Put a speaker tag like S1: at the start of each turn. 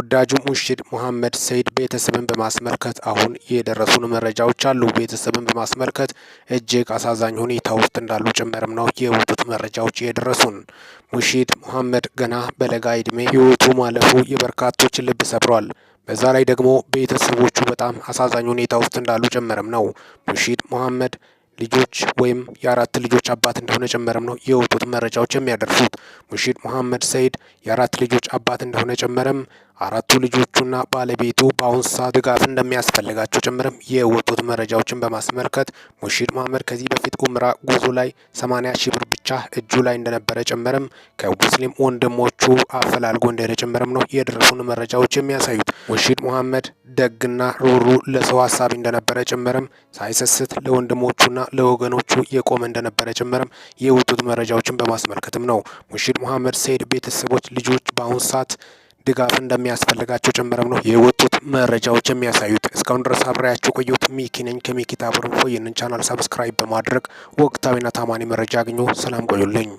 S1: የተወዳጁ ሙርሺድ ሙሐመድ ሰይድ ቤተሰብን በማስመልከት አሁን የደረሱን መረጃዎች አሉ። ቤተሰብን በማስመልከት እጅግ አሳዛኝ ሁኔታ ውስጥ እንዳሉ ጭምርም ነው የወጡት መረጃዎች የደረሱን። ሙርሺድ ሙሐመድ ገና በለጋ ዕድሜ ህይወቱ ማለፉ የበርካቶች ልብ ሰብሯል። በዛ ላይ ደግሞ ቤተሰቦቹ በጣም አሳዛኝ ሁኔታ ውስጥ እንዳሉ ጭምርም ነው ሙርሺድ ሙሐመድ ልጆች ወይም የአራት ልጆች አባት እንደሆነ ጨመረም ነው የወጡት መረጃዎች የሚያደርሱት። ሙርሺድ ሙሐመድ ሰይድ የአራት ልጆች አባት እንደሆነ ጨመረም አራቱ ልጆቹና ባለቤቱ በአሁኑ ሰዓት ድጋፍ እንደሚያስፈልጋቸው ጭምርም የወጡት መረጃዎችን በማስመልከት ሙርሺድ ሙሐመድ ከዚህ በፊት ኡምራ ጉዞ ላይ 80 ሺህ ብር እጁ ላይ እንደነበረ ጭምርም ከሙስሊም ወንድሞቹ አፈላልጎ እንደሄደ ጭምርም ነው የደረሱን መረጃዎች የሚያሳዩት። ሙርሺድ ሙሐመድ ደግና ሩሩ ለሰው ሀሳቢ እንደነበረ ጭምርም ሳይሰስት ለወንድሞቹና ለወገኖቹ የቆመ እንደነበረ ጭምርም የወጡት መረጃዎችን በማስመልከትም ነው ሙርሺድ ሙሐመድ ሰይድ ቤተሰቦች ልጆች በአሁኑ ሰዓት ድጋፍ እንደሚያስፈልጋቸው ጭምርም ነው የወጡት መረጃዎች የሚያሳዩት። እስካሁን ድረስ አብሬያቸው ቆየሁት። ሚኪ ነኝ ከሚኪታ ብርንፎ። ይህንን ቻናል ሰብስክራይብ በማድረግ ወቅታዊና ታማኒ መረጃ አግኙ። ሰላም ቆዩልኝ።